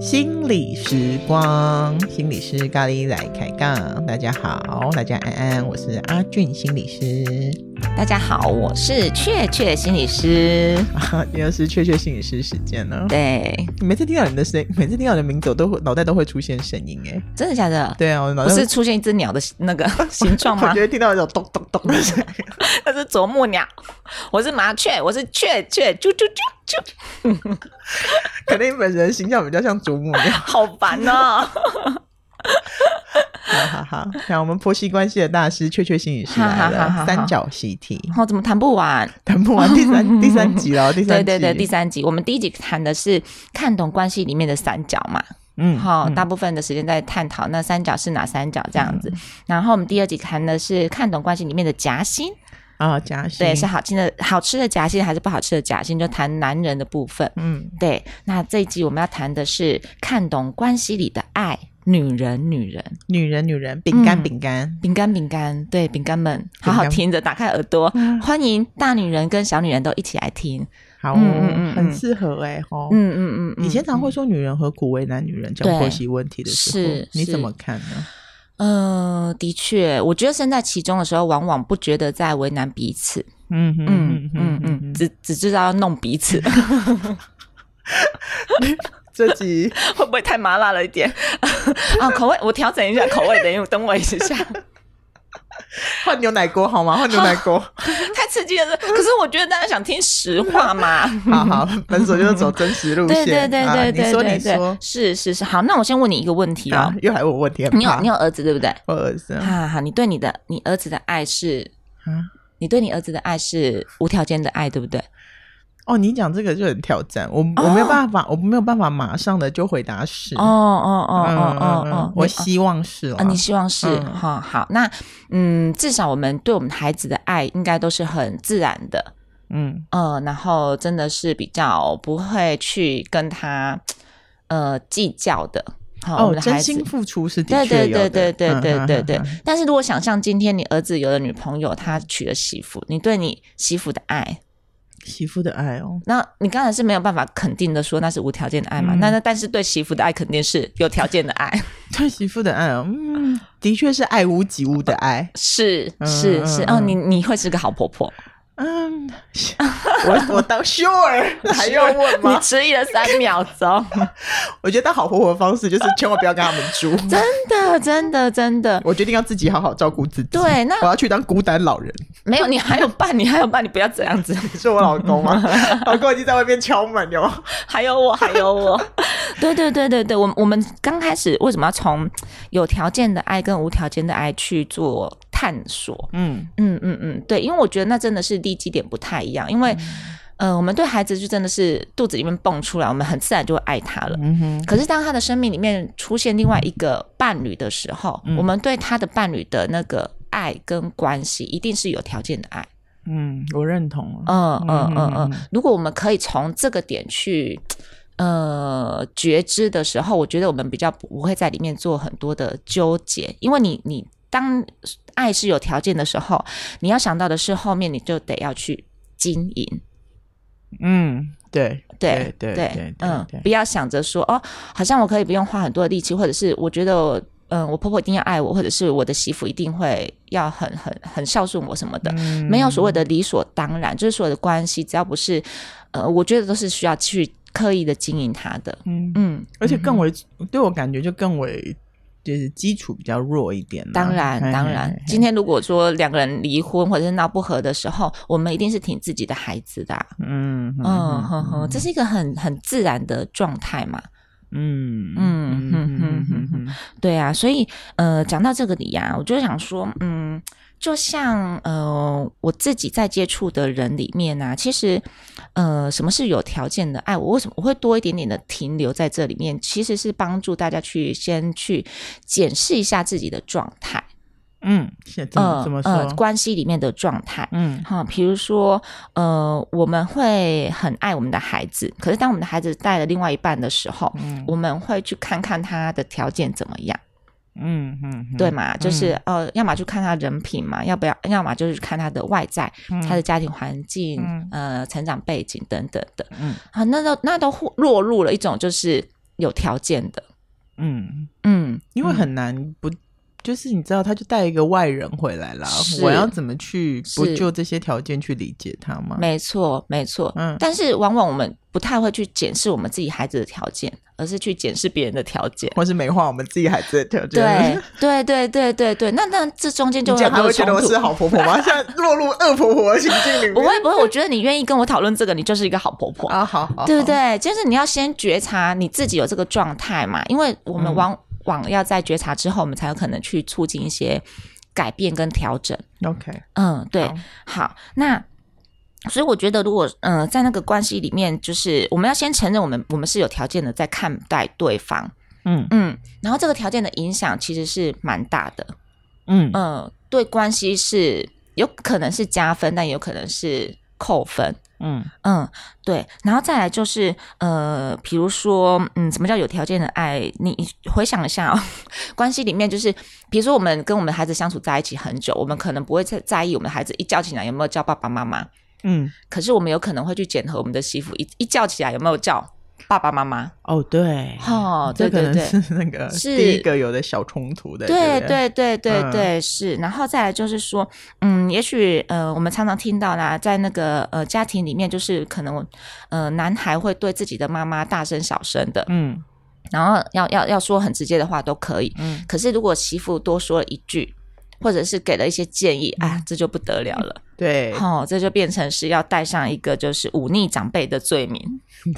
心理時光，心理師咖喱來開槓。大家好，大家安安，我是阿俊心理師。大家好，我是雀雀心理師啊，又是雀雀心理師時間哦。對，每次聽到你的聲音，每次聽到你的名字，我都腦袋都會出現聲音哎，真的假的？對啊、哦，我腦袋是出現一隻鳥的那個形狀嗎？ 我覺得聽到一種咚咚咚的聲音， 那是啄木鳥。我是麻雀，我是雀雀啾啾啾啾。肯定 本人形象比較像啄木鳥， 好煩煩哦。 好好好，那我們婆媳關係的大師雀雀心理師，哈哈。了。好好好好，三角習題，我、哦、怎麼談不完？談不完第三 第三集了，第三集的第三集。我們第一集談的是看懂關係裡面的三角嘛，嗯，好，大部分的時間在探討那三角是哪三角，嗯，這樣子。然後我們第二集談的是看懂關係裡面的夾心哦，夾心，對，是好吃的好吃的夾心還是不好吃的夾心，就談男人的部分。嗯，對。那這一集我們要談的是看懂關係裡的愛。女人，女人，女人，女人，女人，女人、嗯，餅乾，餅乾，餅乾，餅乾，對，餅乾們，好好聽着，打開耳朵，餅乾 歡迎大女人跟小女人都一起來聽，好，很適合哎，齁，嗯嗯嗯，以前常會說女人何苦為難女人，講婆媳問題的事。是，是你怎麼看呢？嗯、呃，的確，我覺得身在其中的時候，往往不覺得在為難彼此，嗯哼嗯哼嗯哼嗯嗯，只只知道要弄彼此。 刺集會不會太麻辣了一點啊、 哦？口味我調整一下口味，等一等我一下，換 牛奶鍋好嗎？換牛奶鍋太刺激了。 可是我覺得大家想聽實話嘛。 好好，本組就走真實路線。 對對對對對、啊，你說你是是是。好，那我先問你一個問題哦。啊、又來問問題？你有你有兒子對不對？我兒子、啊。好好你對你的你兒子的愛是啊？嗯、你對你兒子的愛是無條件的愛對不對？哦，你講這個就很挑戰我，我沒有辦法，哦、我沒有辦法馬上的就回答是。哦哦哦哦哦哦，我希望是哦、呃，你希望是哈、嗯哦。好，那嗯，至少我們對我們孩子的愛應該都是很自然的，嗯嗯，然後真的是比較不會去跟他呃計較的。好，真心付出是的的對，對，對，對對對對對對對對。啊、哈哈哈哈。但是如果想象今天你兒子有了女朋友，他娶了媳婦，你對你媳婦的愛。媳婦的愛哦，那你剛才是沒有辦法肯定的說，那是無條件的愛嘛？那、嗯、那但是對媳婦的愛肯定是有條件的愛，對媳婦的愛哦， 嗯，的確是愛屋及烏的愛，啊、是是是哦、嗯嗯嗯啊，你你會是個好婆婆。嗯，我、um, 我當 sure, sure 還用問嗎？你遲疑了三秒鐘。 我覺得他好活活的方式就是千萬不要跟他們住。 真的，真的，真的。我決定要自己好好照顧自己。對，那我要去當孤單老人。沒有，你還有伴，你還有伴，你不要這樣子。 你是我老公嗎？老公已經在外面敲門喲。 還有我，還有我。 對對對對對，我我們剛開始為什麼要從有條件的愛跟無條件的愛去做？探索，嗯嗯嗯嗯，對，因為我覺得那真的是立基點不太一樣，因為，嗯、呃，我們對孩子就真的是肚子裡面蹦出來，我們很自然就會愛他了。嗯哼。可是當他的生命裡面出現另外一個伴侶的時候，嗯、我們對他的伴侶的那個愛跟關係，一定是有條件的愛。嗯，我認同嗯。嗯嗯嗯嗯，嗯嗯如果我們可以從這個點去，呃，覺知的時候，我覺得我們比較不會在裡面做很多的糾結，因為你你當。愛是有條件的時候，你要想到的是後面你就得要去經營。嗯，對對對對，嗯，不要想着說哦，好像我可以不用花很多的力氣，或者是我覺得，嗯，我婆婆一定要愛我，或者是我的媳婦一定會要很很很孝順我什麼的，嗯、沒有所謂的理所當然，就是所有的關係，只要不是呃，我覺得都是需要去刻意的經營它的。嗯嗯，嗯而且更為、嗯、哼對我感覺就更為。就是基礎比較弱一點，當然當然。嘿嘿嘿，今天如果說兩個人離婚或者是鬧不和的時候，我們一定是挺自己的孩子的、啊。嗯嗯，這是一個很很自然的狀態嘛。嗯嗯嗯嗯嗯，對啊，所以呃，講到這個裡啊，我就想說，嗯。就像呃，我自己在接觸的人裡面呢、啊，其實呃，什麼是有條件的愛？我為什麼我會多一點點的停留在這裡面？其實是幫助大家去先去檢視一下自己的狀態，嗯，現在，怎麼說、呃呃？關係裡面的狀態，嗯，哈，比如說呃，我們會很愛我們的孩子，可是當我們的孩子帶了另外一半的時候，嗯、我們會去看看他的條件怎麼樣。嗯嗯，嗯嗯對嘛，就是哦、嗯呃，要麼就看他人品嘛，要不要？要麼就是看他的外在，嗯、他的家庭環境，嗯，嗯、呃，成長背景等等的。嗯，啊，那都那都落入了一種就是有條件的。嗯嗯，因為很難不。嗯就是你知道，他就帶一個外人回來啦，是我要怎麼去不就這些條件去理解他嗎？沒錯，沒錯。沒嗯，但是往往我們不太會去檢視我們自己孩子的條件，而是去檢視別人的條件，或是美化我們自己孩子的條件。對，對，對，對，對，對。那那這中間就會很覺得我是好婆婆嗎？ 現在落入惡婆婆的情境裡面。會不會，我覺得你願意跟我討論這個，你就是一個好婆婆啊。好,好，好，對,對對，就是你要先覺察你自己有這個狀態嘛，因為我們往。嗯往要在覺察之後，我們才有可能去促進一些改變跟調整。OK，嗯，對，好，好，那所以我覺得，如果嗯、呃，在那個關係裡面，就是我們要先承認我們我們是有條件的在看待對方。嗯嗯，然後這個條件的影響其實是蠻大的。嗯嗯，對，關係是有可能是加分，但也有可能是扣分。嗯嗯，對，然後再來就是呃，比如說，嗯，什麼叫有條件的愛？你回想一下哦，關係裡面就是，比如說我們跟我們孩子相處在一起很久，我們可能不會在在意我們的孩子一覺起來有沒有叫爸爸媽媽，嗯，可是我們有可能會去檢核我們的媳婦一一覺起來有沒有叫。爸爸媽媽哦，oh, 對，哦，oh, 對，對，對，對，對，是那個第一個有的小衝突的，對，對，對，對，對，對，對、嗯，對，對，對，是。然後再來就是說，嗯，也許呃，我們常常聽到啦，在那個呃家庭裡面，就是可能呃男孩會對自己的媽媽大聲小聲的，嗯，然後要要要說很直接的話都可以，嗯，可是如果媳婦多說了一句，或者是給了一些建議，啊，這就不得了了。嗯對，好、哦，這就變成是要帶上一個就是忤逆長輩的罪名，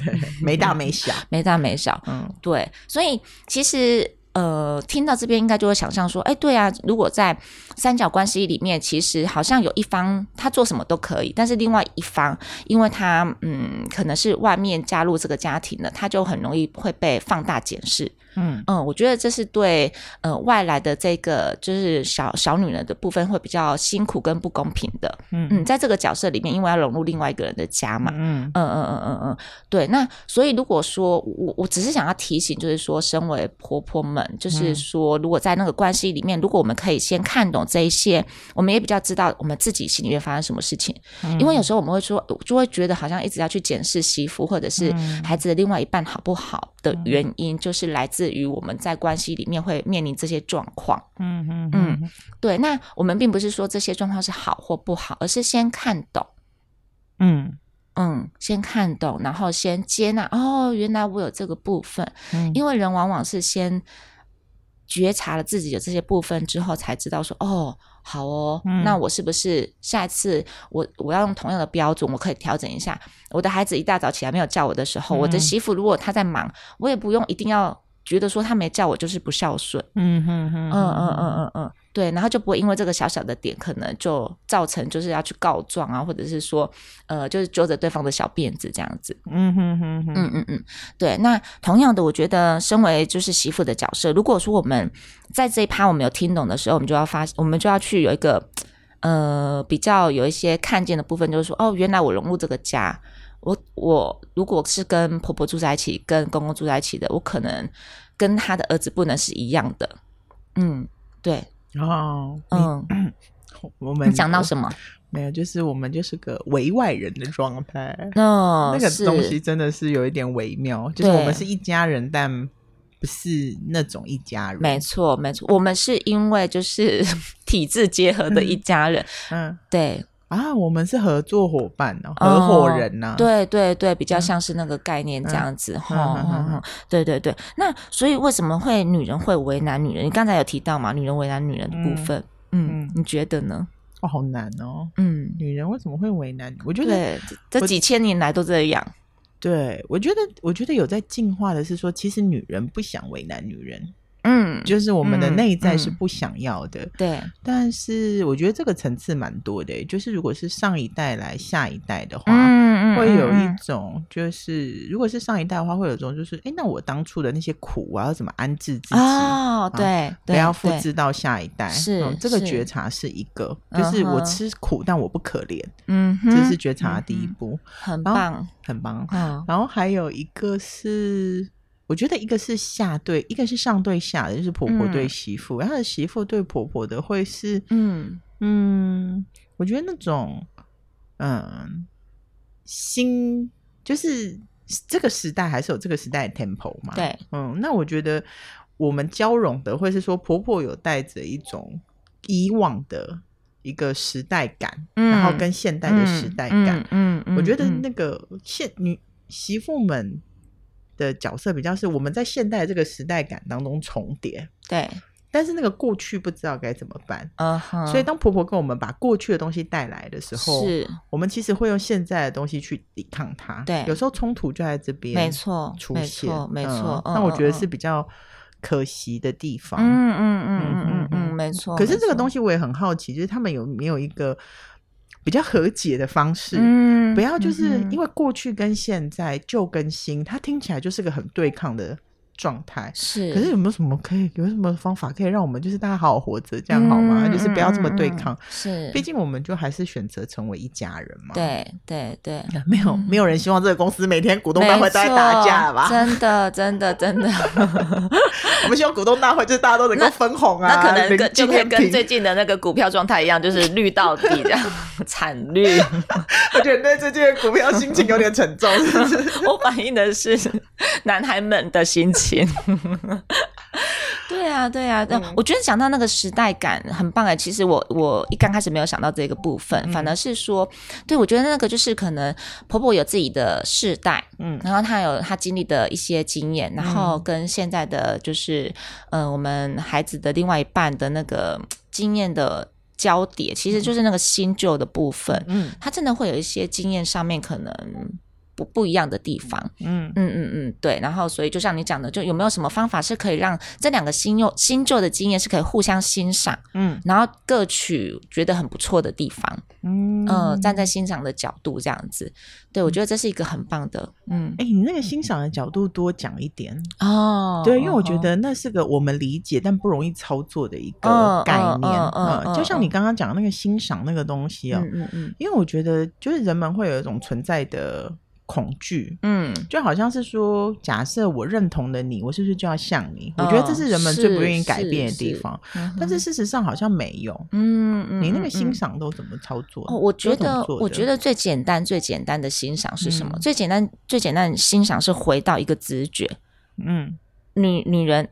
對，沒大沒小， 沒大沒小，嗯，對，所以其實呃，聽到這邊應該就會想象說，哎，對啊，如果在三角關係裡面，其實好像有一方他做什麼都可以，但是另外一方，因為他嗯，可能是外面加入這個家庭的，他就很容易會被放大檢視。嗯嗯，我覺得這是對呃外來的這個就是小小女人的部分會比較辛苦跟不公平的。嗯嗯，在這個角色裡面，因為要融入另外一個人的家嘛。嗯嗯嗯嗯嗯，對。那所以如果說我我只是想要提醒，就是說身為婆婆們，嗯、就是說如果在那個關係裡面，如果我們可以先看懂這一些，我們也比較知道我們自己心裡面發生什麼事情。嗯、因為有時候我們會說，就會覺得好像一直要去檢視媳婦或者是孩子的另外一半好不好的原因，就是來自。至於我們在關係裡面會面臨這些狀況，嗯嗯嗯，嗯對。那我們並不是說這些狀況是好或不好，而是先看懂，嗯嗯，先看懂，然後先接納。哦，原來我有這個部分，嗯、因為人往往是先覺察了自己的這些部分之後，才知道說，哦，好哦，嗯、那我是不是下一次我我要用同樣的標準，我可以調整一下。我的孩子一大早起來沒有叫我的時候，我的媳婦如果她在忙，嗯、我也不用一定要。覺得說他沒叫我就是不孝順，嗯哼哼、哼嗯，嗯嗯嗯嗯嗯，對，然後就不會因為這個小小的點，可能就造成就是要去告狀啊，或者是說呃，就是揪着對方的小辮子這樣子，嗯哼哼、哼嗯，嗯嗯嗯，對。那同樣的，我覺得身為就是媳婦的角色，如果說我們在這一趴我們有聽懂的時候，我們就要發，我們就要去有一個呃比較有一些看見的部分，就是說哦，原來我融入這個家。我我如果是跟婆婆住在一起，跟公公住在一起的，我可能跟他的兒子不能是一樣的。嗯，對。哦，嗯，我們你講到什麼？沒有，就是我們就是個為外人的狀態。哦，那個東西真的是有一點微妙，是就是我們是一家人，對但不是那種一家人。沒錯，沒錯，我們是因為就是體制結合的一家人。嗯，嗯對。啊，我們是合作夥伴哦、啊，合夥人吶、啊哦，對對對，比較像是那個概念這樣子哈，對對對，那所以為什麼會女人會為難女人？你剛才有提到嘛，女人為難女人的部分，嗯，嗯，你覺得呢？哦，好難哦，嗯，女人為什麼會為難女人？我覺得，對，這幾千年來都這樣，我，對，我覺得，我覺得有在進化的是說，其實女人不想為難女人。嗯，就是我們的內在是不想要的，對。但是我覺得這個層次蠻多的，就是如果是上一代來下一代的話，嗯嗯，會有一種就是，如果是上一代的話，會有一種就是，哎，那我當初的那些苦，我要怎麼安置自己？哦，對，不要複製到下一代。是。這個覺察是一個，就是我吃苦，但我不可憐。嗯，這是覺察的第一步，很棒，很棒。然後還有一個是。我覺得一個是下對，一個是上對下的，就是婆婆對媳婦，嗯、然後她的媳婦對婆婆的會是，嗯嗯，我覺得那種，嗯，新就是這個時代還是有這個時代的 tempo 嘛，對，嗯，那我覺得我們交融的會是說婆婆有帶着一種以往的一個時代感，嗯、然後跟現代的時代感，嗯，嗯嗯嗯我覺得那個現女媳婦們。的角色比較是我們在現代這個時代感當中重疊，對。但是那個過去不知道該怎麼辦，嗯哼。所以當婆婆跟我們把過去的東西帶來的時候，我們其實會用現在的東西去抵抗它，對。有時候衝突就在這邊，沒錯，出現，沒錯。那我覺得是比較可惜的地方，嗯嗯嗯嗯嗯嗯，沒錯。可是這個東西我也很好奇，就是他們有沒有一個。比較和解的方式，嗯，不要就是因為過去跟現在，舊、嗯、跟新，它聽起來就是個很對抗的。狀態是，可是有沒有什麼可以，有什麼方法可以讓我們就是大家好好活着？這樣好嗎？就是不要這麼對抗。是，畢竟我們就還是選擇成為一家人嘛。對對對，沒有沒有人希望這個公司每天股東大會都在打架吧？真的真的真的。我們希望股東大會就是大家都能夠分紅啊。那可能今天跟最近的那個股票狀態一樣，就是綠到底這樣慘綠。我覺得最近的股票心情有點沉重，我反映的是男孩們的心情。 對啊，對啊，對啊嗯、我覺得講到那個時代感很棒哎。其實我我一剛開始沒有想到這個部分，嗯、反而是說，對我覺得那個就是可能婆婆有自己的世代，嗯、然後她有她經歷的一些經驗，嗯、然後跟現在的就是、呃，我們孩子的另外一半的那個經驗的交疊，其實就是那個新舊的部分，嗯，她真的會有一些經驗上面可能不不一樣的地方，嗯嗯嗯嗯，對。然後，所以就像你講的，就有沒有什麼方法是可以讓這兩個新用新做的經驗是可以互相欣賞，嗯，然後各取覺得很不錯的地方，嗯嗯，站在欣賞的角度這樣子，對，我覺得這是一個很棒的，嗯。哎，你那個欣賞的角度多講一點哦，對，因為我覺得那是個我們理解但不容易操作的一個概念，嗯，就像你剛剛講的那個欣賞那個東西啊，嗯嗯，因為我覺得就是人們會有一種存在的。恐懼，嗯，就好像是說，假設我認同了你，我是不是就要像你？哦、我覺得這是人們最不願意改變的地方。是是是嗯、但是事實上好像沒有，嗯，嗯，嗯，嗯，你那個欣賞都怎麼操作？哦、我覺得，我覺得最簡，最，簡、嗯、最簡單、最簡單的欣賞是什麼？最簡單、最簡單的欣賞是回到一個直覺，嗯，女女人，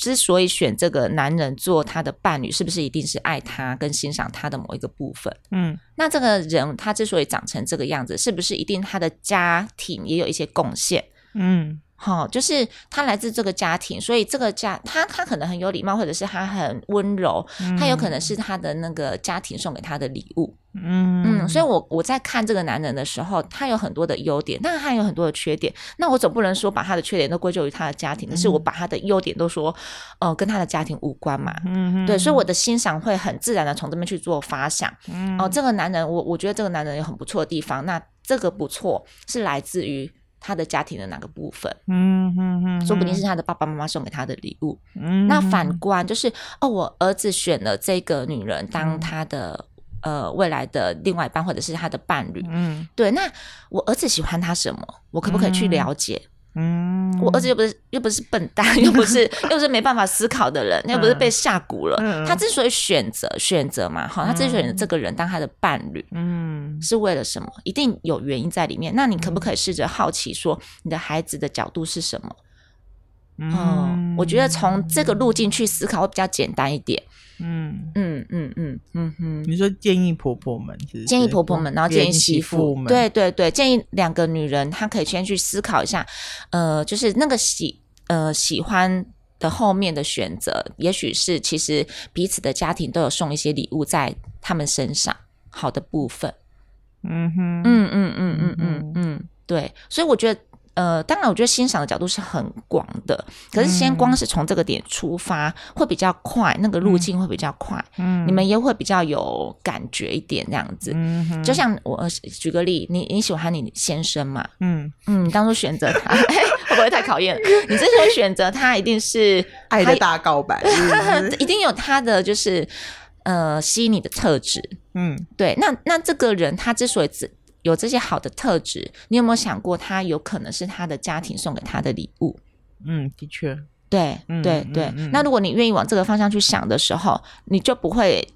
之所以選這個男人做他的伴侶，是不是一定是愛他跟欣賞他的某一個部分？嗯，那這個人他之所以長成這個樣子，是不是一定他的家庭也有一些貢獻？嗯。好、哦，就是他來自這個家庭，所以這個家他他可能很有禮貌，或者是他很溫柔，嗯、他有可能是他的那個家庭送給他的禮物。嗯，嗯，所以我我在看這個男人的時候，他有很多的優點，那他有很多的缺點，那我總不能說把他的缺點都歸咎於他的家庭，可是我把他的優點都說，呃，跟他的家庭無關嘛。嗯哼，對，所以我的欣賞會很自然的從這邊去做發想。嗯、哦，這個男人，我我覺得這個男人有很不錯的地方，那這個不錯是來自於。他的家庭的哪個部分？嗯哼哼，嗯嗯、說不定是他的爸爸媽媽送給他的禮物。嗯，那反觀就是，哦，我兒子選了這個女人當他的、嗯、呃未來的另外一半，或者是他的伴侶。嗯，對。那我兒子喜歡他什麼？我可不可以去了解？嗯嗯，我兒子又不是又不是笨蛋，又不是 又不是沒辦法思考的人，又不是被下蠱了。他之所以選擇選擇嘛、哦，他之所以選擇這個人當他的伴侶，嗯，是為了什麼？一定有原因在裡面。那你可不可以試着好奇說，你的孩子的角度是什麼？嗯、哦，我覺得從這個路徑去思考會比較簡單一點。嗯嗯嗯嗯嗯哼，你說建議婆婆們，其實建議婆婆們，然後建議媳婦、嗯、們，對對對，建議兩個女人，她可以先去思考一下，呃，就是那個喜呃喜歡的後面的選擇，也許是其實彼此的家庭都有送一些禮物在他們身上，好的部分，嗯哼，嗯嗯嗯嗯嗯嗯，嗯，對，所以我覺得。呃，當然，我覺得欣賞的角度是很廣的。可是，先光是從這個點出發，嗯、會比較快，那個路徑會比較快。嗯，你們也會比較有感覺一點，這樣子。嗯、哼就像我舉個例，你你喜歡你先生嗎？嗯嗯，你、嗯、當初選擇他， 會不會太考驗。 你之所以選擇他，一定是愛的大告白，他嗎 一定有他的就是呃吸引你的特質。嗯，對。那那這個人他之所以只有這些好的特質，你有沒有想過，他有可能是他的家庭送給他的禮物？嗯，的確，對，嗯、對，嗯、對。嗯、那如果你願意往這個方向去想的時候，你就不會，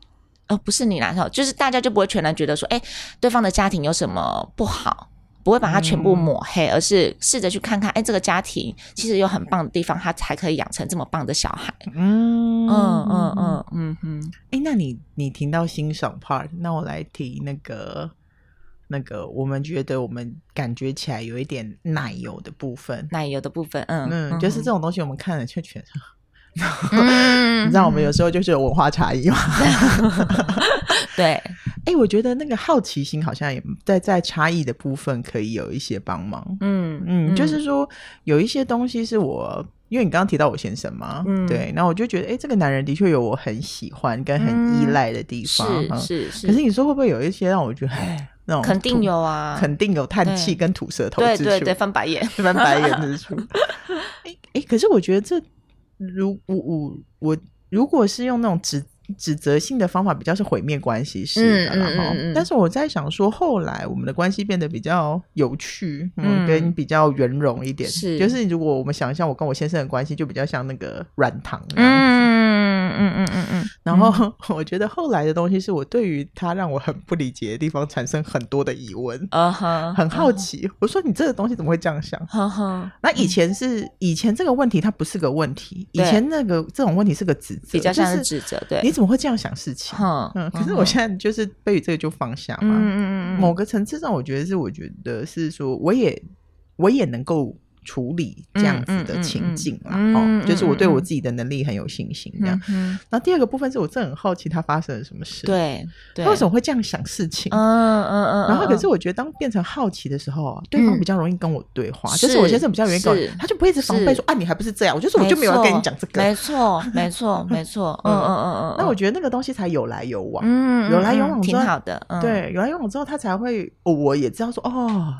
呃，不是你難受，就是大家就不會全然覺得說，哎、欸，對方的家庭有什麼不好，不會把他全部抹黑，嗯、而是試着去看看，哎、欸，這個家庭其實有很棒的地方，他才可以養成這麼棒的小孩。嗯嗯嗯嗯嗯嗯，哎、欸，那你你聽到欣賞 part，那我來提那個。那個，我們覺得我們感覺起來有一點奶油的部分，奶油的部分，嗯嗯，就是這種東西，我們看了就覺得，你知道，我們有時候就是有文化差異嘛。對，哎，我覺得那個好奇心好像也在在差異的部分可以有一些幫忙。嗯嗯，就是說有一些東西是我，因為你剛剛提到我先生嘛，嗯，對，那我就覺得，哎，這個男人的確有我很喜歡跟很依賴的地方，是是是。可是你說會不會有一些讓我覺得，哎。那種肯定有啊，肯定有嘆氣跟吐舌頭之處，欸，對對對，翻白眼， 翻白眼之處。哎、欸、哎、欸，可是我覺得這，如我我我，如果是用那種指指責性的方法，比較是毀滅關係式的，然後、嗯，嗯嗯嗯、但是我在想說，後來我們的關係變得比較有趣，嗯，跟、嗯、比較圓融一點，是，就是如果我們想象我跟我先生的關係，就比較像那個軟糖，嗯。嗯嗯嗯嗯嗯，嗯嗯然後我覺得後來的東西是我對於他讓我很不理解的地方產生很多的疑問，uh、huh, 很好奇。Uh huh. 我說你這個東西怎麼會這樣想？哈、uh，那、huh. 以前是、uh huh. 以前這個問題它不是個問題，對以前那個這種問題是個指責，比較像是指責。對，你怎麼會這樣想事情？Uh huh. 嗯，可是我現在就是被這個就放下嘛。嗯、uh，huh. 某個層次上，我覺得是我覺得是說我也我也能夠。處理這樣子的情境了，哦，就是我對我自己的能力很有信心這樣。然後第二個部分是，我真的很好奇他發生了什麼事，對，為什麼會這樣想事情？嗯嗯嗯。然後可是我覺得，當變成好奇的時候，對方比較容易跟我對話，就是我先生比較容易跟他就不會一直防備說，啊，你還不是這樣？我就說我就沒有跟你講這個，沒錯，沒錯，沒錯。嗯嗯嗯嗯。那我覺得那個東西才有來有往，嗯，有來有往挺好的。對，有來有往之後，他才會，我也知道說，哦。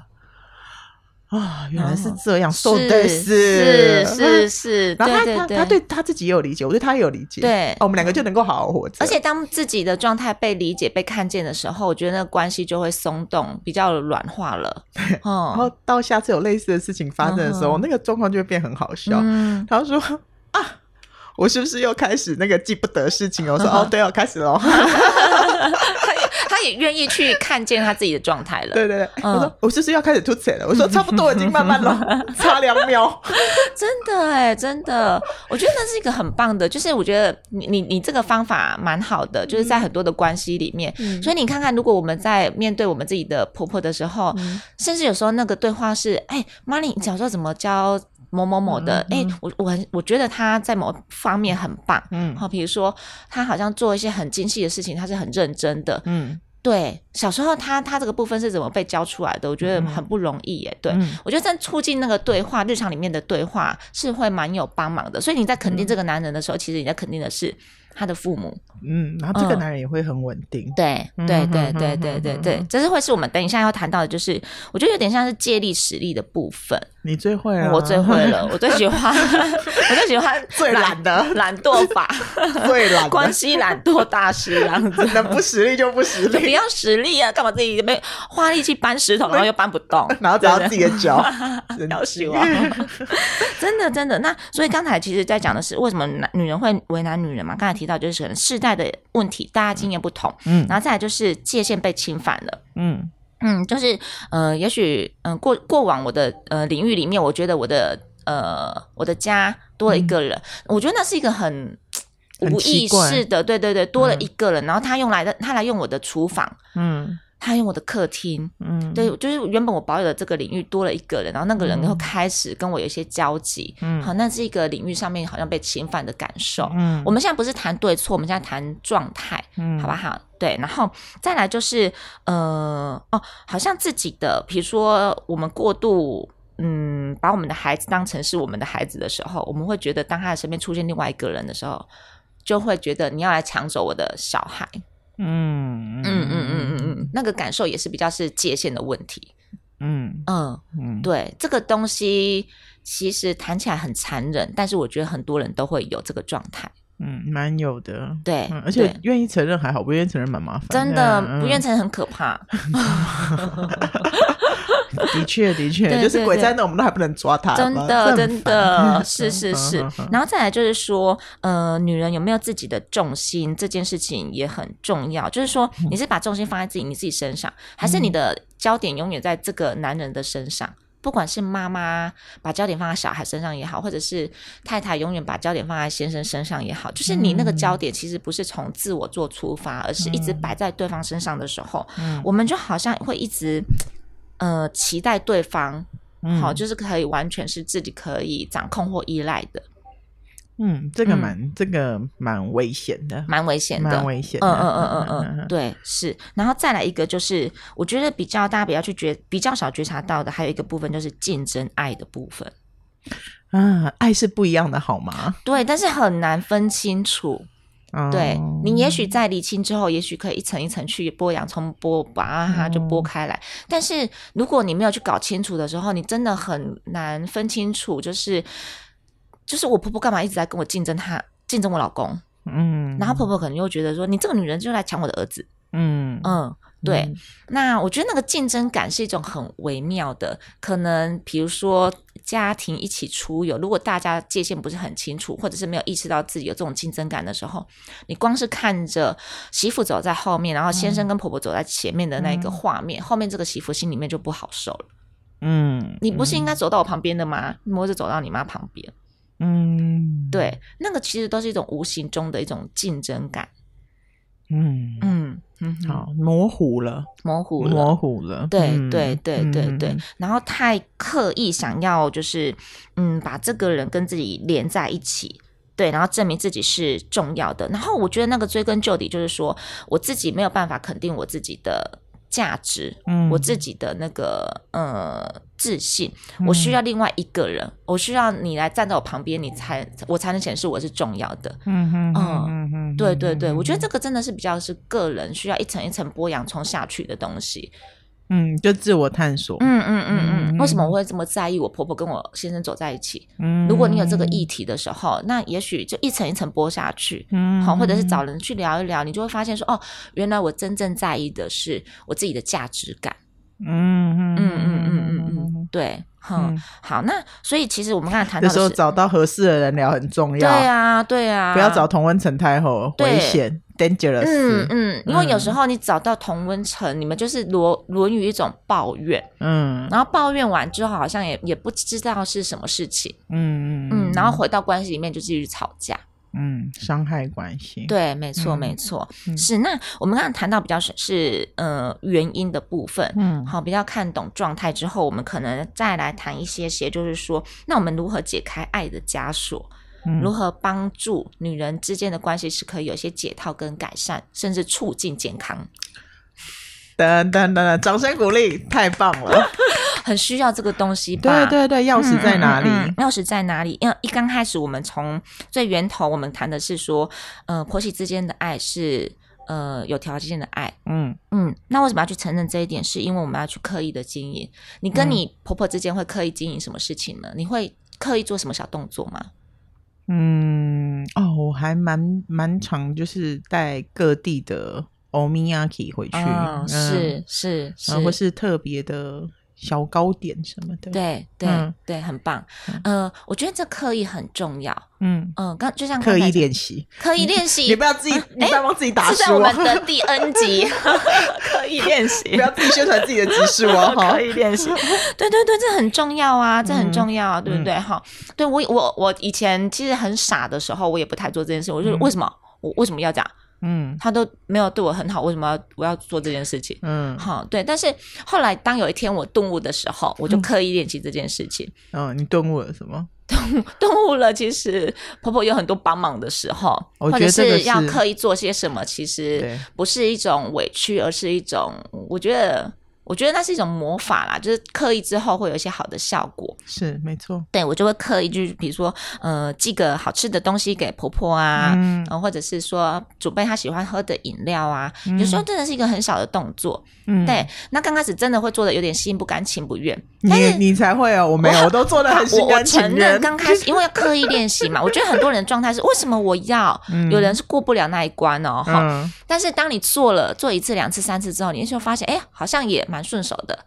哇，原來是這樣，說是是是是，然後他他他對他自己也有理解，我對他也有理解，對，我們兩個就能夠好好活着。而且當自己的狀態被理解、被看見的時候，我覺得那個關係就會鬆動，比較軟化了。對，然後到下次有類似的事情發生的時候，那個狀況就會變很好笑。嗯，他說：“啊，我是不是又開始那個記不得事情了？”我說：“哦，對哦，開始了。” 他也願意去看見他自己的狀態了。對對對，嗯、我說，我是不是要開始吐血了？ 我說差不多已經慢慢了，差兩秒。 真的誒、欸、真的，我覺得那是一個很棒的，就是我覺得你你你這個方法蠻好的，嗯、就是在很多的關係裡面。嗯、所以你看看，如果我們在面對我們自己的婆婆的時候，嗯、甚至有時候那個對話是：誒、欸、媽咪，你小時候怎麼教？某某某的，哎、嗯嗯欸，我我我覺得他在某方面很棒，嗯，好，比如說他好像做一些很精細的事情，他是很認真的，嗯，對，小時候他他這個部分是怎麼被教出來的？我覺得很不容易耶，哎、嗯，對我覺得在促進那個對話，嗯、日常裡面的對話是會蠻有幫忙的，所以你在肯定這個男人的時候，嗯、其實你在肯定的是。他的父母，嗯，然後這個男人也會很穩定，對，對，對，對，對，對，對，這是會是我們等一下要談到的，就是我覺得有點像是借力使力的部分。你最會啊。我最會了，我最喜歡，我最喜歡最懶的懶惰法，最懶，關係懶惰大師啊，真的不使力就不使力，你要使力啊，幹嘛自己沒花力氣搬石頭，然後又搬不動，然後只要自己的腳，然後希望，真的真的。那所以剛才其實在講的是為什麼男女人會為難女人嘛？剛才提。到就是可能世代的問題，大家經驗不同，嗯，然後再來就是界限被侵犯了，嗯嗯，就是呃，也許嗯、呃、過過往我的呃領域裡面，我覺得我的呃我的家多了一個人，嗯、我覺得那是一個很無意識的，對對對，多了一個人，嗯、然後他用來的他來用我的廚房，嗯。他用我的客廳，嗯，對，就是原本我保有的這個領域多了一個人，然後那個人又開始跟我有一些交集，嗯，好，那這個領域上面好像被侵犯的感受，嗯，我們現在不是談對錯，我們現在談狀態，嗯，好不好？對，然後再來就是，呃，哦，好像自己的，比如說我們過度，嗯，把我們的孩子當成是我們的孩子的時候，我們會覺得，當他的身邊出現另外一個人的時候，就會覺得你要來搶走我的小孩。嗯嗯嗯嗯嗯嗯，那個感受也是比較是界限的問題。嗯嗯嗯，對，這個東西其實談起來很殘忍，但是我覺得很多人都會有這個狀態。嗯，蠻有的。對、嗯，而且願意承認還好，不願意承認蠻麻煩。真的，嗯、不願意承認很可怕。 的確，的確， 對對對，就是鬼在那，我們都還不能抓他。真的，真的是，是是，是。 然後再來就是說，呃，女人有沒有自己的重心，這件事情也很重要。就是說，你是把重心放在自己你自己身上，還是你的焦點永遠在這個男人的身上？嗯、不管是媽媽把焦點放在小孩身上也好，或者是太太永遠把焦點放在先生身上也好，就是你那個焦點其實不是從自我做出發，嗯、而是一直擺在對方身上的時候，嗯嗯、我們就好像會一直。呃，期待對方好，嗯、就是可以完全是自己可以掌控或依賴的。嗯，這個蠻、嗯、這個蠻危險的，蠻危險的，蠻危險的。嗯嗯嗯嗯嗯，嗯，對，是。然後再來一個，就是我覺得比較大家比較去覺比較少覺察到的，還有一個部分就是競爭愛的部分。嗯，愛是不一樣的，好嗎？對，但是很難分清楚。Oh. 對，你也許在理清之後，也許可以一層一層去剝洋蔥，剝把啊哈就剝開來。Oh. 但是如果你沒有去搞清楚的時候，你真的很難分清楚，就是就是我婆婆幹嘛一直在跟我競爭她，她競爭我老公，嗯，mm. 然後婆婆可能又覺得說，你這個女人就來搶我的兒子，嗯、mm. 嗯。對，那我覺得那個競爭感是一種很微妙的，可能比如說家庭一起出遊，如果大家界限不是很清楚，或者是沒有意識到自己有這種競爭感的時候，你光是看着媳婦走在後面，然後先生跟婆婆走在前面的那個畫面，嗯嗯、後面這個媳婦心裡面就不好受了。嗯，嗯，你不是應該走到我旁邊的嗎？嗯、你摸着走到你媽旁邊。嗯，對，那個其實都是一種無形中的一種競爭感。嗯嗯。嗯嗯，好，模糊了，模糊了，模糊了，對，對，對，對，對，然後太刻意想要就是，嗯，把這個人跟自己連在一起，對，然後證明自己是重要的，然後我覺得那個追根究底就是說，我自己沒有辦法肯定我自己的價值，嗯，我自己的那個，呃。自信，我需要另外一個人，嗯、我需要你來站在我旁邊，你才我才能顯示我是重要的。嗯、哦、嗯嗯對對對，我覺得這個真的是比較是個人需要一層一層剝洋蔥下去的東西。嗯，就自我探索。嗯嗯嗯嗯，為什麼我會這麼在意我婆婆跟我先生走在一起？嗯，如果你有這個議題的時候，那也許就一層一層剝下去。嗯，好、哦，或者是找人去聊一聊，你就會發現說，哦，原來我真正在意的是我自己的價值感。嗯嗯嗯嗯嗯嗯，對，嗯、好，那所以其實我們剛才談到的時候，找到合適的人聊很重要。對啊，對啊，不要找同溫層太厚對危險，dangerous 嗯。嗯嗯，因為有時候你找到同溫層，嗯、你們就是羅論,淪於一種抱怨，嗯，然後抱怨完之後，好像也也不知道是什麼事情，嗯嗯，然後回到關係裡面就繼續吵架。嗯，傷害關係，對，沒錯，沒錯，嗯、是那我們剛剛談到比較是是呃原因的部分，嗯，好，比較看懂狀態之後，我們可能再來談一些些，就是說，那我們如何解開愛的枷鎖，如何幫助女人之間的關係是可以有一些解套跟改善，甚至促進健康。等等、嗯、等、嗯、等、嗯嗯，掌聲鼓勵，太棒了！ 很需要這個東西吧？對對對，鑰匙在哪裡？鑰、嗯嗯嗯、鑰匙在哪裡？因為一剛開始，我們從最源頭，我們談的是說，呃，婆媳之間的愛是呃有條件的愛。嗯嗯，那為什麼要去承認這一點？是因為我們要去刻意的經營。你跟你婆婆之間會刻意經營什麼事情呢？嗯、你會刻意做什麼小動作嗎？嗯哦，我還蠻蠻常就是帶各地的 omiyaki 回去，是、哦、是，然後，嗯、是特別的。小糕點什麼的，對對對，很棒。呃，我覺得這刻意很重要。嗯嗯，剛就像刻意練習，刻意練習，你不要自己，你不要幫自己打書。在我們的第 N 集，刻意練習，不要自己宣傳自己的指示。我刻意練習，對對對，這很重要啊，這很重要啊，對不對？哈，對，我我我以前其實很傻的時候，我也不太做這件事。我說為什麼？我為什麼要講？嗯，他都沒有對我很好，為什麼要我要做這件事情？嗯，好、哦，對。但是後來，當有一天我頓悟的時候，我就刻意練習這件事情。嗯，哦、你頓悟了什麼？頓頓悟了，其實婆婆有很多幫忙的時候，我覺得是，或者是要刻意做些什麼，其實不是一種委屈，而是一種，我覺得。我覺得那是一種魔法啦，就是刻意之後會有一些好的效果。是，沒錯。對，我就會刻意，就比如說呃，寄個好吃的東西給婆婆啊，嗯，嗯，或者是說準備她喜歡喝的飲料啊。有時候真的是一個很小的動作。嗯，對。那剛開始真的會做的有點心不甘情不願，嗯、但是你你才會哦，我沒有，我，我都做的很心甘情願。我承認，剛開始 因為要刻意練習嘛，我覺得很多人的狀態是為什麼我要？嗯、有人是過不了那一關哦。嗯。但是當你做了做一次兩次三次之後，你就發現哎、欸，好像也。蠻順手的，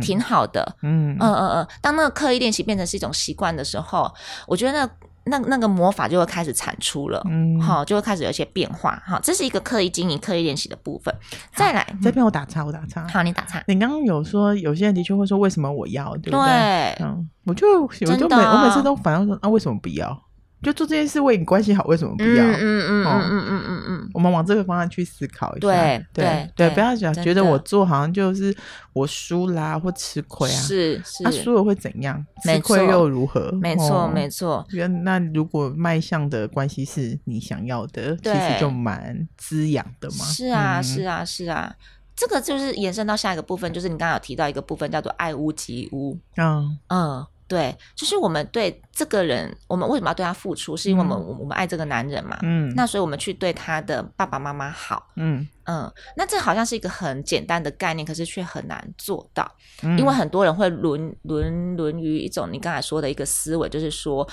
挺好的，嗯嗯嗯嗯、呃。當那個刻意練習變成是一種習慣的時候，我覺得那那那個魔法就會開始產出了，嗯，好，就會開始有一些變化，好，這是一個刻意經營、刻意練習的部分。嗯、再來，這邊我打叉，我打叉。好，你打叉。你剛剛有說有些人的確會說，為什麼我要？對不對？對，嗯，我就我就每、哦、我每次都反問說啊，為什麼不要？就做這件事為你關係好，為什麼不要？嗯嗯嗯嗯嗯嗯，我們往這個方向去思考一下。對對，不要講覺得我做好像就是我輸啦，或吃虧啊。是是，那輸了會怎樣？吃虧又如何？沒錯沒錯。那那如果邁向的關係是你想要的，其實就蠻滋養的嘛。是啊是啊是啊，這個就是延伸到下一個部分，就是你剛剛有提到一個部分，叫做愛屋及烏。嗯嗯。對，就是我們對這個人，我們為什麼要對他付出？是因為我們、嗯、我們愛這個男人嘛？嗯，那所以我們去對他的爸爸媽媽好。嗯嗯，那這好像是一個很簡單的概念，可是卻很難做到。嗯、因為很多人會淪淪淪於一種你剛才說的一個思維，就是說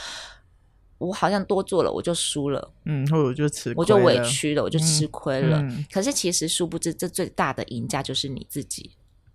我好像多做了，我就輸了。嗯，或者我就吃虧了，我就委屈了，我就吃虧了。嗯嗯、可是其實殊不知，這最大的贏家就是你自己。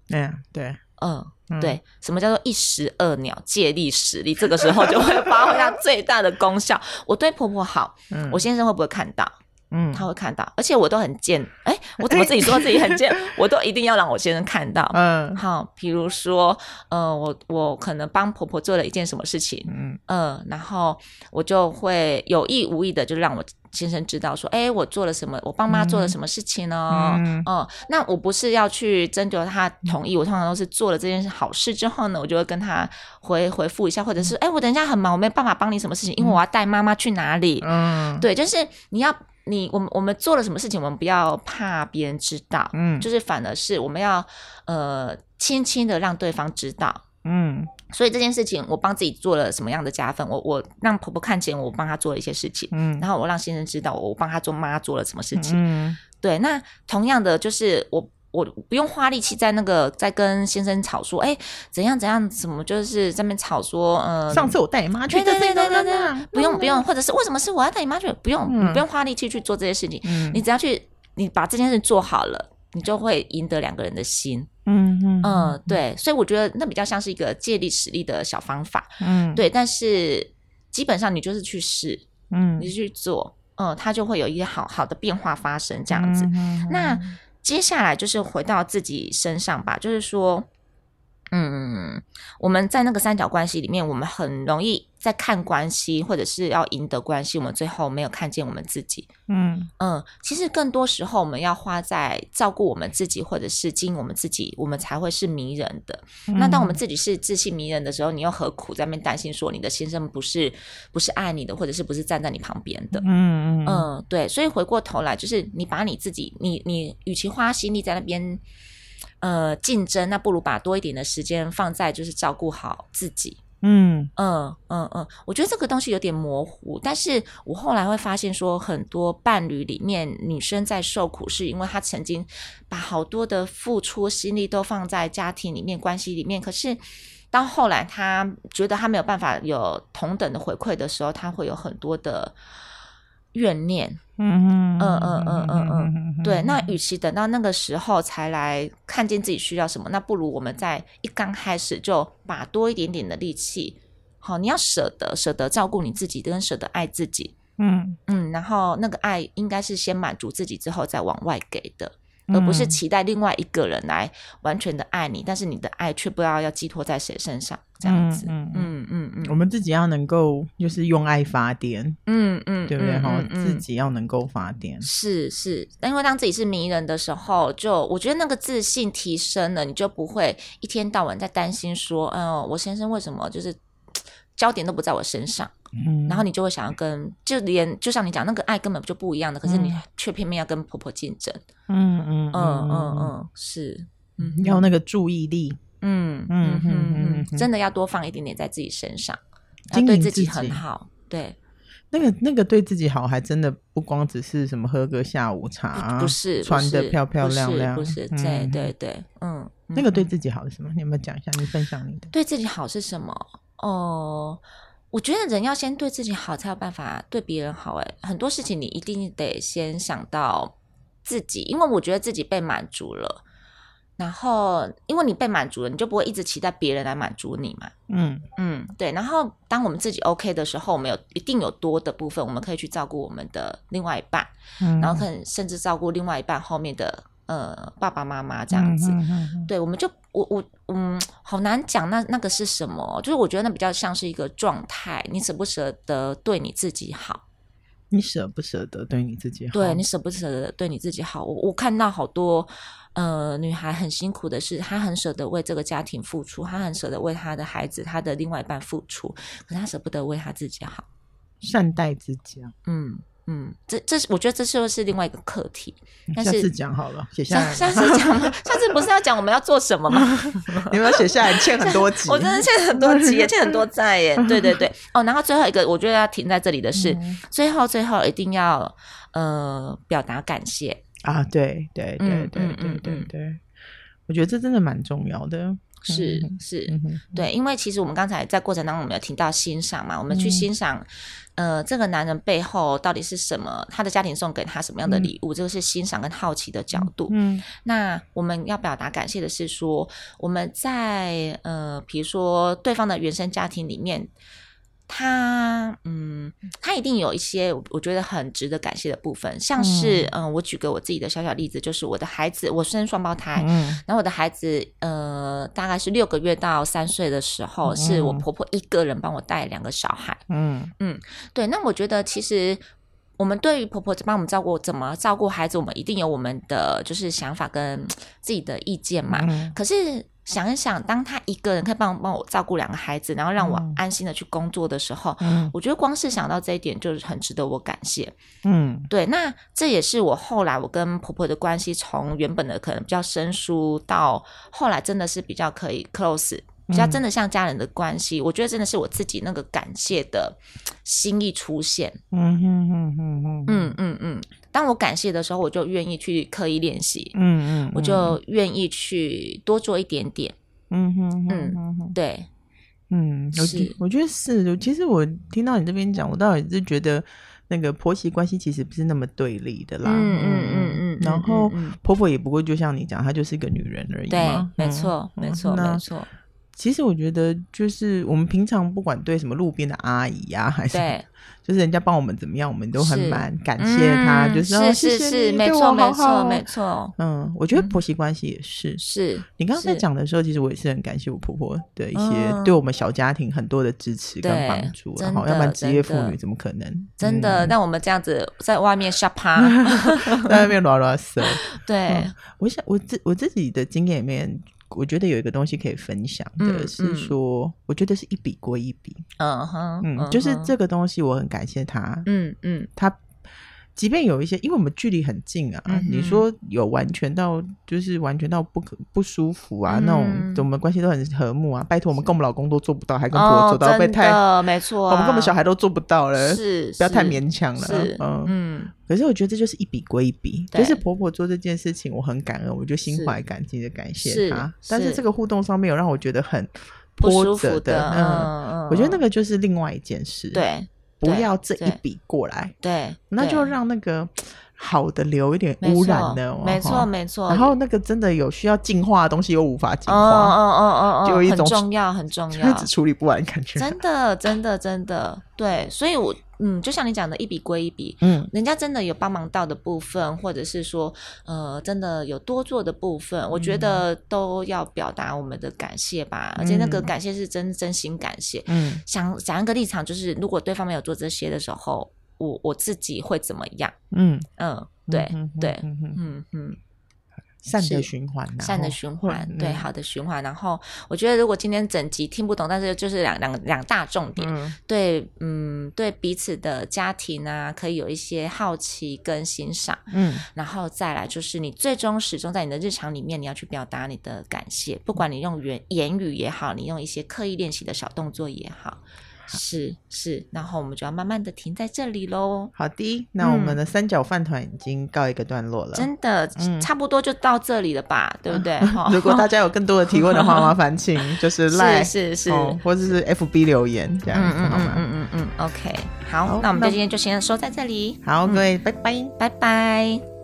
嗯。對啊，對。哦、嗯，對，什麼叫做一石二鳥，借力使力，這個時候就會發揮它最大的功效。 我對婆婆好，嗯、我先生會不會看到？嗯，他會看到，而且我都很賤，哎、欸，我怎麼自己說自己很賤？欸、 我都一定要讓我先生看到。嗯，好，比如說，呃，我我可能幫婆婆做了一件什麼事情，嗯、呃、然後我就會有意無意的就讓我先生知道，說，哎、欸，我做了什麼？我幫媽做了什麼事情呢、哦？嗯，嗯，嗯，那我不是要去徵求他同意，我通常都是做了這件事好事之後呢，我就會跟他回回復一下，或者是，哎、欸，我等一下很忙，我沒有辦法幫你什麼事情，嗯、因為我要帶媽媽去哪裡？嗯，對，就是你要。你我們我們做了什麼事情，我們不要怕別人知道，嗯，就是反而是我們要呃輕輕的讓對方知道，嗯，所以這件事情我幫自己做了什麼樣的加分，我我讓婆婆看見我幫她做了一些事情，嗯，然後我讓先生知道我幫他做媽做了什麼事情，嗯，對，那同樣的就是我。我不用花力氣在那個，在跟先生吵說，哎、欸，怎樣怎樣，怎麼就是在那邊吵說，嗯，上次我帶你媽去，對對，對對對對對，嗯、不用不用，或者是為什麼是我要帶你媽去，不用、嗯、不用花力氣去做這些事情，嗯、你只要去，你把這件事做好了，你就會贏得兩個人的心，嗯嗯，嗯對，所以我覺得那比較像是一個借力使力的小方法，嗯，對，但是基本上你就是去試，嗯、你去做，嗯，它就會有一些好好的變化發生，這樣子，嗯嗯、那。接下來就是回到自己身上吧，就是說，嗯，我們在那個三角關係裡面，我們很容易在看關係，或者是要贏得關係，我們最後沒有看見我們自己。嗯嗯，其實更多時候，我們要花在照顧我們自己，或者是經營我們自己，我們才會是迷人的。嗯、那當我們自己是自信迷人的時候，你又何苦在那邊擔心說你的先生不是不是愛你的，或者是不是站在你旁邊的？嗯嗯，嗯，嗯，對。所以回過頭來，就是你把你自己，你你，與其花心力在那邊呃競爭，那不如把多一點的時間放在就是照顧好自己。嗯嗯嗯嗯，我覺得這個東西有點模糊，但是我後來會發現說，很多伴侶裡面，女生在受苦是因為她曾經把好多的付出心力都放在家庭裡面、關係裡面，可是到後來她覺得她沒有辦法有同等的回饋的時候，她會有很多的怨念，嗯嗯嗯嗯嗯嗯，對。那與其等到那個時候才來看見自己需要什麼，那不如我們在一剛開始就把多一點點的力氣，好，你要捨得捨得照顧你自己，跟捨得愛自己，嗯嗯。然後那個愛應該是先滿足自己之後再往外給的，而不是期待另外一個人來完全的愛你，但是你的愛卻不知道要寄托在誰身上。這樣子，嗯嗯嗯嗯，我們自己要能夠，就是用愛發電，嗯嗯，對不對？然後，自己要能夠發電，是是。那因為當自己是名人的時候，就我覺得那個自信提升了，你就不會一天到晚在擔心說，嗯，我先生為什麼就是焦點都不在我身上？嗯，然後你就會想要跟，就連就像你講，那個愛根本就不一樣的，可是你卻偏偏要跟婆婆競爭。嗯嗯嗯嗯嗯，是，嗯，要那個注意力。嗯嗯哼嗯嗯，真的要多放一點點在自己身上，要對自己很好。對，那個那個對自己好，還真的不光只是什麼喝個下午茶，不,不是穿的漂漂亮亮，不是,不是、嗯、對對對，嗯，那個對自己好是什麼？你有沒有講一下？你分享你的。對自己好是什麼？哦、呃，我覺得人要先對自己好，才有辦法對別人好、欸。哎，很多事情你一定得先想到自己，因為我覺得自己被滿足了。然後，因為你被滿足了，你就不會一直期待別人來滿足你嘛。嗯嗯，對。然後，當我們自己 OK 的時候，我們有一定有多的部分，我們可以去照顧我們的另外一半。嗯。然後可能甚至照顧另外一半後面的呃爸爸媽媽這樣子。嗯哼哼哼。對，我們就我我，我嗯，好難講那那個是什麼？就是我覺得那比較像是一個狀態，你捨不捨得對你自己好？你捨不捨得對你自己好？對，你捨不捨得對你自己好？我我看到好多。呃，女孩很辛苦的是，她很捨得為這個家庭付出，她很捨得為她的孩子、她的另外一半付出，可是她捨不得為她自己好，善待自己。嗯嗯，這這是我覺得，這就是另外一個課題。但是，下次講好了，寫下來。下次講，了， 下次不是要講我們要做什麼嗎？ 你們要寫下來？欠很多集， 我真的欠很多集， 也欠很多債耶。對，對對對。哦，然後最後一個，我覺得要停在這裡的是，嗯、最後最後一定要呃表達感謝。啊，對對對對、嗯嗯嗯、對對，對我覺得這真的蠻重要的，是是，是嗯、對，因為其實我們剛才在過程當中，我們有提到欣賞嘛，我們去欣賞，嗯、呃，這個男人背後到底是什麼，他的家庭送給他什麼樣的禮物，嗯、這個是欣賞跟好奇的角度。嗯，嗯那我們要表達感謝的是說，我們在呃，比如說對方的原生家庭裡面。他嗯，他一定有一些我覺得很值得感謝的部分，像是嗯，嗯，我舉個我自己的小小例子，就是我的孩子，我生雙胞胎，嗯，然後我的孩子呃，大概是六個月到三歲的時候，嗯，是我婆婆一個人幫我帶兩個小孩，嗯嗯，對，那我覺得其實我們對於婆婆幫我們照顧怎麼照顧孩子，我們一定有我們的就是想法跟自己的意見嘛，嗯，可是。想一想，當他一個人可以幫幫我照顧兩個孩子，然後讓我安心的去工作的時候，嗯，我覺得光是想到這一點就是很值得我感謝。嗯，對，那這也是我後來我跟婆婆的關係，從原本的可能比較生疏，到後來真的是比較可以 close。比較真的像家人的關係，我覺得真的是我自己那個感謝的心意出現，嗯嗯嗯嗯嗯嗯嗯。當我感謝的時候，我就願意去刻意練習，嗯嗯，我就願意去多做一點點，嗯哼嗯嗯，對，嗯，是，我覺得是，其實我聽到你這邊講，我倒是覺得那個婆媳關係其實不是那麼對立的啦，嗯嗯嗯嗯，然後婆婆也不會就像你講，她就是一個女人而已嘛，對，沒錯，沒錯，沒錯。其實我覺得，就是我們平常不管對什麼路邊的阿姨呀，還是就是人家幫我們怎麼樣，我們都很蠻感謝他。就是是是是，沒錯沒錯沒錯。嗯，我覺得婆媳關係也是是。你剛剛在講的時候，其實我也是很感謝我婆婆的一些對我們小家庭很多的支持跟幫助。然後要不然職業婦女怎麼可能？真的，那我們這樣子在外面瞎趴在外面拉拉嗦。對，我想我自我自己的經驗裡面。我覺得有一個東西可以分享的是說，我覺得是一筆過一筆，嗯哼，嗯，是就是這個東西我很感謝他，嗯嗯、uh，他、huh。即便有一些，因為我們距離很近啊，你說有完全到就是完全到不可不舒服啊那種，我們關係都很和睦啊。拜托，我們跟我們老公都做不到，還跟婆婆做到，被太，沒錯，我們跟我們小孩都做不到了，是不要太勉強了。嗯嗯，可是我覺得這就是一筆歸一筆，就是婆婆做這件事情，我很感恩，我就心懷感激的感謝她。但是這個互動上面有讓我覺得很波折的，嗯，我覺得那個就是另外一件事，對。不要這一筆過來，對，對對那就讓那個好的留一點污染的，沒錯沒錯。然後那個真的有需要淨化的東西又無法淨化，哦哦哦哦哦。哦哦哦就有一種很重要很重要，一直處理不完感覺。真的真的真的，對，所以我。 嗯，就像你講的，一筆歸一筆。嗯，人家真的有幫忙到的部分，或者是說，呃，真的有多做的部分，嗯，我覺得都要表達我們的感謝吧。嗯，而且那個感謝是真真心感謝。嗯，想想一個立場，就是如果對方沒有做這些的時候，我我自己會怎麼樣？嗯嗯，對，嗯哼哼哼，對，嗯嗯。善的循環，善是後的循環，會對，嗯、好的循環。然後，我覺得如果今天整集聽不懂，但是就是兩兩兩大重點，嗯、對，嗯，對彼此的家庭啊，可以有一些好奇跟欣賞，嗯，然後再來就是你最終始終在你的日常裡面，你要去表達你的感謝，不管你用言言語也好，你用一些刻意練習的小動作也好。是是，然後我們就要慢慢的停在這裡嘍。好的，那我們的三角飯糰已經告一個段落了，真的差不多就到這裡了吧，對不對？如果大家有更多的提問的話，麻煩請就是 Line 是是，或者是 FB 留言這樣。嗯嗯嗯嗯嗯，OK，好，那我們今天就先說在這裡，好，各位拜拜，拜拜。